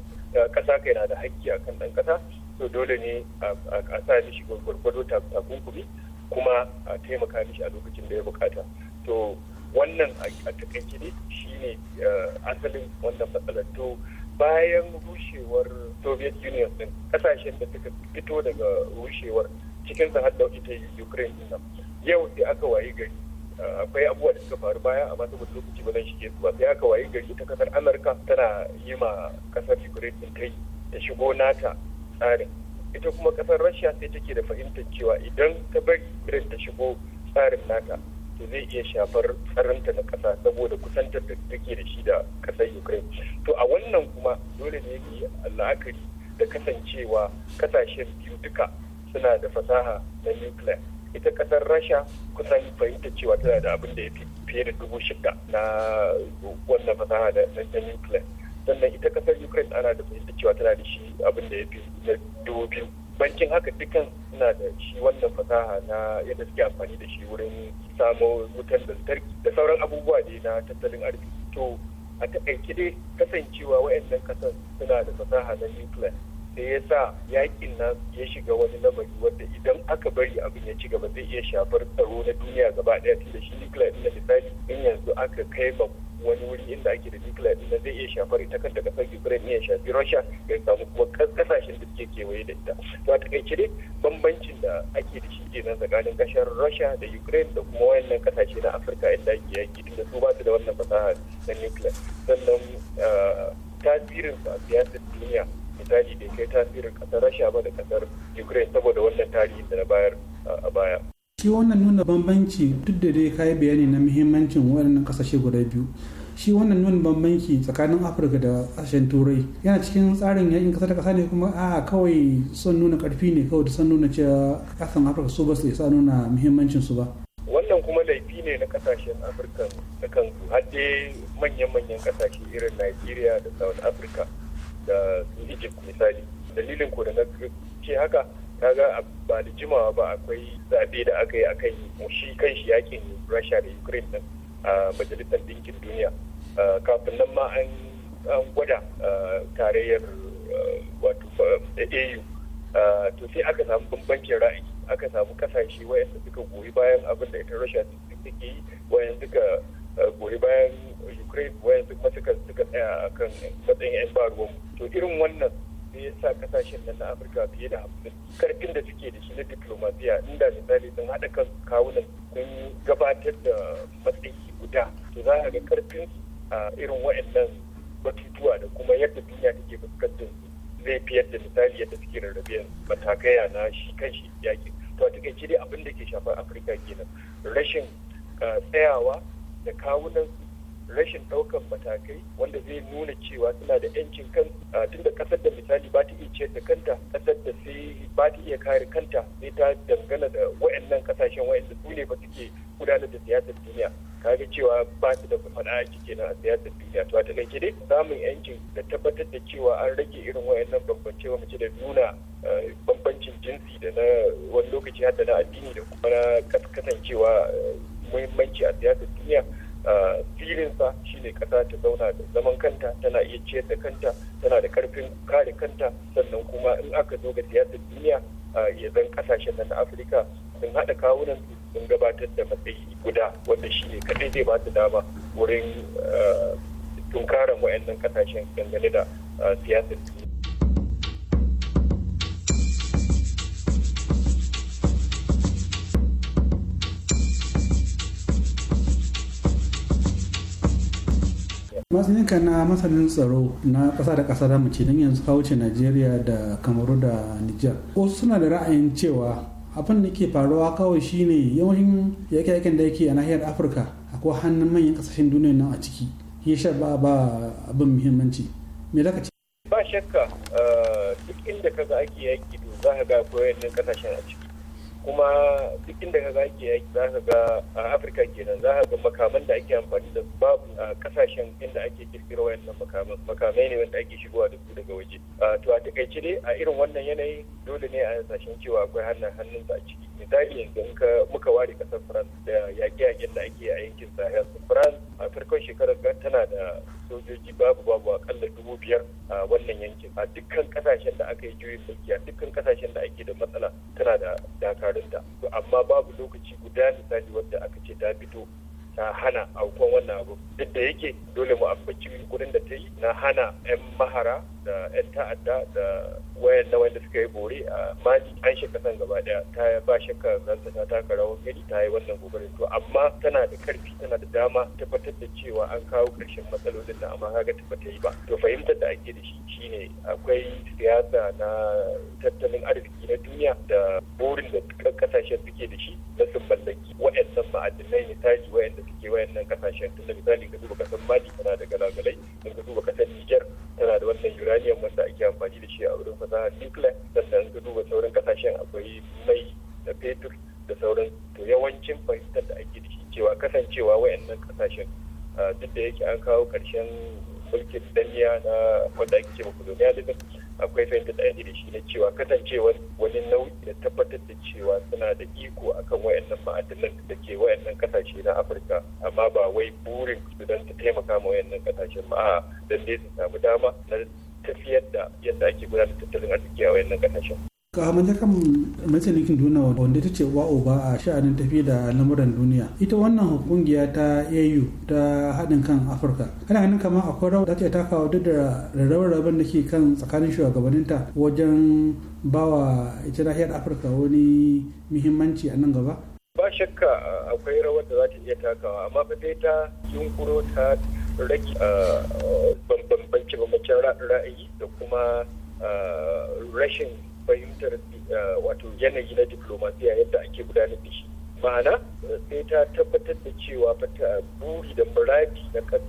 ƙasa kai na da hakki akan ɗan kasa to dole ne a sa mishi gwargwado takunkumi kuma a taimaka mishi a lokacin da ya bukata to wannan a takaice ne shine eh, asalin wannan matsalar to bayan rushewar soviet union din kasashen da suka fito daga rushewar cikin sa hadda ita ukraine din nan yau sai aka wayi gari eh, akwai abubuwa da suka faru baya amma saboda lokaci ba zan shige su ba sai aka wayi gari ta kasar amurka tana yi ma kasar ukraine din kai ta shigo nata tsarin ita kuma kasar rasha sai take da fahimtar cewa idan ta bar irin ta shigo tsarin nata to zai iya shafar tsarinta na kasa saboda kusantar da take da shi da kasar ukraine to a wannan kuma dole ne mu yi la'akari da kasancewa kasashen biyu duka suna da fasaha na nuclear ita kasar rasha kusan fahimtar cewa tana da abin da ya fi fiye da dubu shida na wannan fasaha na nuclear sannan ita kasar ukraine ana da fahimta cewa tana da shi abin da ya fi na dubu bankin haka dukkan suna da shi wannan fasaha na yadda suke amfani da shi wurin samo wutan lantarki da sauran abubuwa dai na tattalin arziki to a taƙaice dai kasancewa wayannan kasar suna da fasaha na nuclear sai ya sa yakin na ya shiga wani lamari wanda idan aka bari abin ya ci gaba zai iya shafar tsaro na duniya gaba ɗaya tunda da shi nuclear ɗin misali in yanzu aka kai ma wani wuri inda ake da nuclear din zai iya shafar ita kanta kasar Ukraine ya shafi Russia ya samu kuma kasashen da suke kewaye da ita to a takaice dai bambancin da ake da shi kenan tsakanin kasar Russia da Ukraine da kuma wayannan kasashe na Afirka inda ake yaki tunda su ba su da wannan fasaha na nuclear sannan ah, tasirinsa a siyasar duniya misali bai kai tasirin kasar Rasha ba da kasar Ukraine saboda wannan tarihin da na bayar ah, a baya. shi wannan nuna bambanci duk da dai kayi bayani na muhimmancin waɗannan ƙasashe guda biyu shi wannan nuna bambanci tsakanin afirka da ƙasashen turai yana cikin tsarin yakin ƙasa da ƙasa ne kuma a kawai son nuna ƙarfi ne kawai da son nuna cewa ƙasan afirka su ba su isa nuna muhimmancin su ba wannan kuma laifi ne na ƙasashen afirka da kansu hadde manyan-manyan ƙasashe irin nigeria da south africa da egypt misali dalilin ko da na ce haka kaga ba da jimawa ba akwai zaɓe da aka yi a kan shi kan shi yakin rasha da ukraine nan a majalisar ɗinkin duniya kafin nan ma an gwada tarayyar wato au to sai aka samu bambancin ra'ayi aka samu kasashe wayanda suka goyi bayan abin da ita rasha take yi wayanda suka goyi bayan ukraine wayanda kuma suka tsaya akan matsayin yan baruwan to irin wannan da ya sa kasashen nan na afirka fiye da hamsin karfin da suke da shi na diplomasiya inda misali sun haɗa kan kawunan sun gabatar da matsayi guda to za a ga karfin a irin waɗannan batutuwa da kuma yadda duniya take fuskantar zai fi yadda misali yadda suke rarrabe matakaya na shi kan shi yaƙi to a takaice dai abin da ke shafar afirka kenan rashin eh, tsayawa da kawunan rashin ɗaukan matakai wanda zai nuna cewa suna da 'yancin kan tunda ƙasar da misali ba ta iya ciyar da kanta ƙasar da sai ba ta iya kare kanta sai ta dangana da wa'annan ƙasashen wa'anda su ne ba suke gudanar da siyasar duniya kaga cewa ba su da faɗa ake kenan a siyasar duniya to a takaice dai samun yancin da tabbatar da cewa an rage irin wa'annan bambance mace da nuna bambancin jinsi da na wani lokaci hadda na addini da kuma na kasancewa muhimmanci a siyasar duniya filinsa shine kasa ta zauna da zaman kanta tana iya ciyar da kanta tana da karfin kare kanta sannan kuma in aka zo ga siyasar duniya ya zan kasashen nan na afirka sun haɗa kawunan sun gabatar da matsayi guda wanda shine ne kaɗai zai ba su dama wurin tunkaran wayannan kasashen dangane da siyasar matsayinka na masanin tsaro na ƙasa da kasa da mace don yanzu wuce najeriya da kamaru da nijar ko suna da ra'ayin cewa abin da ke faruwa kawai shine yawancin yake yakin da yake a nahiyar afirka akwai hannun manyan ƙasashen duniya nan a ciki ya sha ba ba abin muhimmanci me zaka ce ba shakka eh, duk inda ka ga ake yaki to za ka ga koyar ƙasashen a ciki kuma duk inda ka zaki yaki za ka ga a afirka kenan za ka ga makaman da ake amfani da babu a kasashen inda ake kirkira wayannan makaman makamai ne wanda ake shigowa da su daga waje to a takaice dai a irin wannan yanayi dole ne a sashen cewa akwai hannun hannun a ciki misali yanzu ka muka ware kasar france da yaƙe-yaƙen da ake a yankin sahel france a farkon shekarar tana da sojoji babu babu akalla dubu biyar a wannan yankin a dukkan kasashen da aka yi juyin mulki a dukkan kasashen da ake da matsala tana da dakarunta to amma babu lokaci guda misali wanda aka ce ta fito ta hana aukuwan wannan abu duk da yake dole mu ambaci gurin da ta yi na hana 'yan mahara da 'yan ta'adda da wayan na wanda suka yi bore a maji an shi kasan gaba daya ta ba shakka zanta ta taka rawar gani ta yi wannan gobarin to amma tana da karfi tana da dama tabbatar da cewa an kawo karshen matsalolin da amma kaga ta yi ba to fahimtar da ake da shi shine akwai siyasa na tattalin arziki na duniya da burin da kasashen suke da shi na sun mallaki waɗannan ma'adinai wayan da suke waɗannan kasashen tun da misali ka duba kasan mali tana da galagalai in ka duba kasan niger tana da wannan uranium wanda ake amfani da shi a wurin fasaha nuclear sannan ka duba sauran kasashen akwai mai da fetur da sauran to yawancin fahimtar da ake da shi cewa kasancewa wayannan kasashen ah, duk da yake an kawo karshen mulkin danniya na wanda ake cewa colonialism akwai fahimtar da ake da shi na cewa kasancewar wani nau'i da tabbatar da cewa suna da iko akan wayannan ma'adanan da ke wayannan kasashe na afirka amma ba wai burin su don ta taimaka ma wayannan kasashen ma don dai su samu dama na tafiyar da yadda ake gudanar da tattalin arziki a wayannan kasashen ga amince kan majalikin duniya wanda ta ce wa ba a sha'anin tafi da lamuran duniya ita wannan kungiya ta au ta haɗin kan afirka ana ganin kamar akwai rawa da ta takawa duk da rarrabe-raben da ke kan tsakanin shugabanninta wajen bawa ita nahiyar afirka wani muhimmanci a nan gaba ba shakka akwai rawar da za ta iya takawa amma fa dai ta yunkuro ta rage bambance-bambancen ra'ayi da kuma rashin fahimtar eh, wato yanayi na diplomasiya yadda ake gudanar da shi ma'ana eh, sai ta tabbatar da cewa fata buri da muradi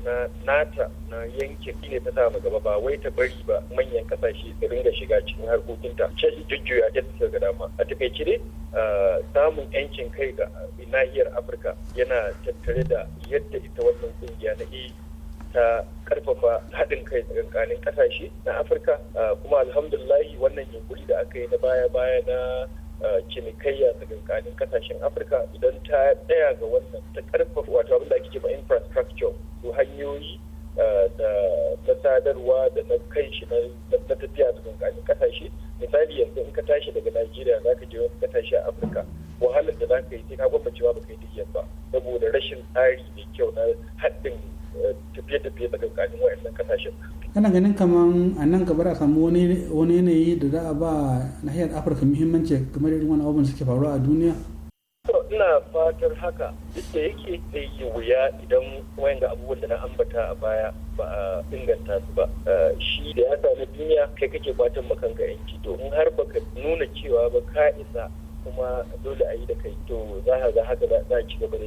na nata na yankin ne ta samu gaba ba wai ta bari ba manyan kasashe su ringa shiga cikin harkokinta ce jujjuya ta ta ga dama a takaice ne eh, samun yancin kai ga nahiyar afirka yana tattare da yadda ita wannan kungiya na eu ta karfafa haɗin kai tsakankanin ƙasashe na afirka kuma alhamdulillahi wannan yunkuri da aka yi na baya-baya na cinikayya tsakankanin ƙasashen afirka idan ta ɗaya ga wannan ta karfafa wato abin da ake ce ma infrastructure su hanyoyi da na sadarwa da na kai shi na tafiya tsakankanin ƙasashe misali yanzu in ka tashi daga najeriya za ka je wani ƙasashe a afirka wahalar da za ka yi sai ka gwamnati ba ka yi ta ba saboda rashin tsari mai kyau na haɗin tafiye-tafiye tsakankanin wayannan kasashen kana ganin kamar a nan gaba a samu wani yanayi da za a ba nahiyar afirka muhimmanci kamar irin wani abubuwan suke faruwa a duniya ina fatar haka duk da yake zai yi wuya idan wayan da abubuwan da na ambata a baya ba a inganta su ba shi da ya sami duniya kai kake fatan makanka yanki to in har baka nuna cewa ba ka isa kuma dole a yi da kai to za ka ga haka za a ci gaba da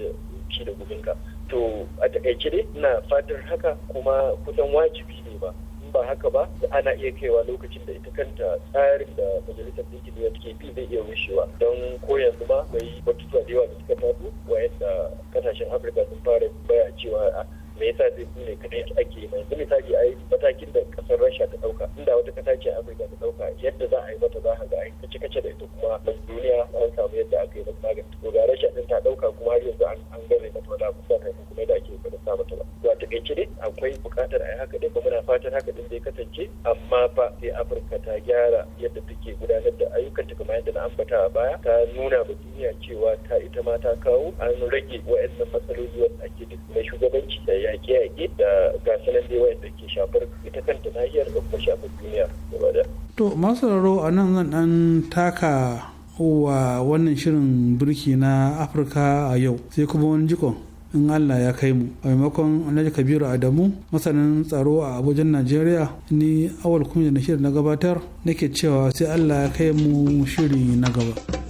ke da to a takaice dai ina fatar haka kuma kusan wajibi ne ba in ba haka ba ana iya kaiwa lokacin da ita kanta tsarin da majalisar ɗinkin da take bi zai iya rushewa don ko yanzu ma bai batutuwa da yawa da suka taso wayanda kasashen afirka sun fara baya cewa me yasa zai fi ne kadai ake yanzu misali a matakin da kasar rasha ta dauka inda wata kasa ce afirka ta dauka yadda za a yi mata za a ga an kace kace da ita kuma duniya an samu yadda aka yi mata magani to ga rasha din ta dauka kuma har yanzu an gare mata wani abu sakamakon kuma da ake kokarin sa mata ba to a takaice dai akwai bukatar a yi haka din ba muna fatan haka din zai kasance amma fa sai afirka ta gyara yadda take gudanar da ayyukanta kamar yadda na ambata a baya ta nuna ba duniya cewa ta ita ma ta kawo an rage wa'annan matsaloli wanda ake da shugabanci da ya yaƙe-yaƙe da gasalan da ke shafar ita kanta nahiyar da kuma shafar duniya gaba da. To raro a nan zan ɗan taka wa wannan shirin birki na Afirka a yau sai kuma wani jikon. in Allah ya kai mu a maimakon Alhaji Kabiru Adamu masanin tsaro a abujan Najeriya ni awal kuma da shirin na gabatar nake cewa sai Allah ya kai mu shiri na gaba.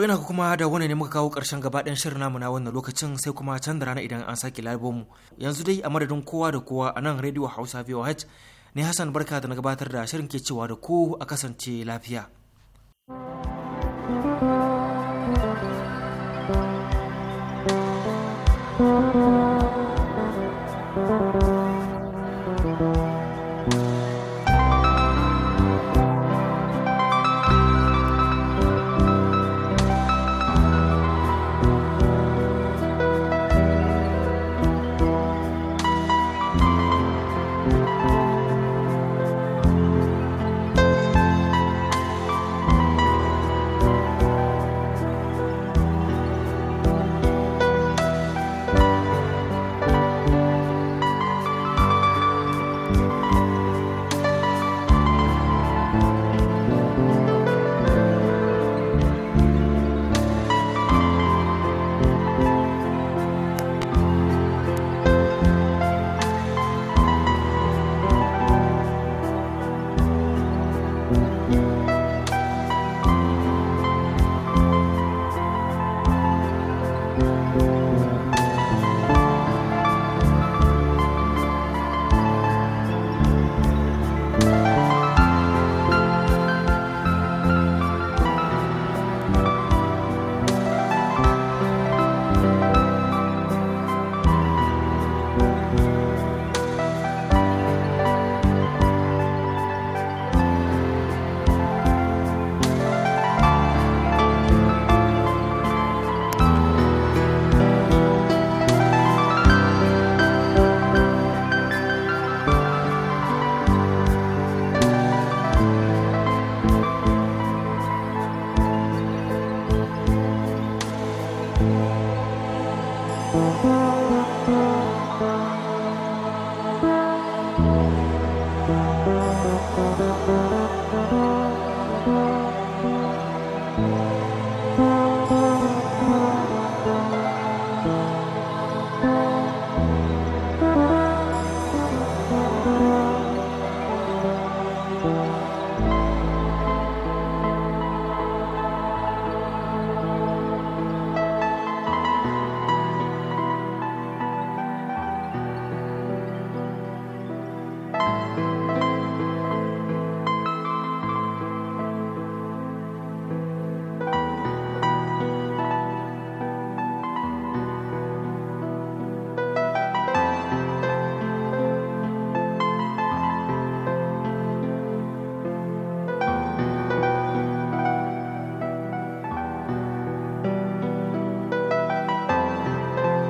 To ina kuma da wani ne muka kawo ƙarshen gabaɗayan shirin namu na wannan lokacin sai kuma can da rana idan an sake labo mu. Yanzu dai a madadin kowa da kowa a nan rediyo Hausa VOH ne Hassan Barka da na gabatar da shirin ke cewa da ku a kasance lafiya.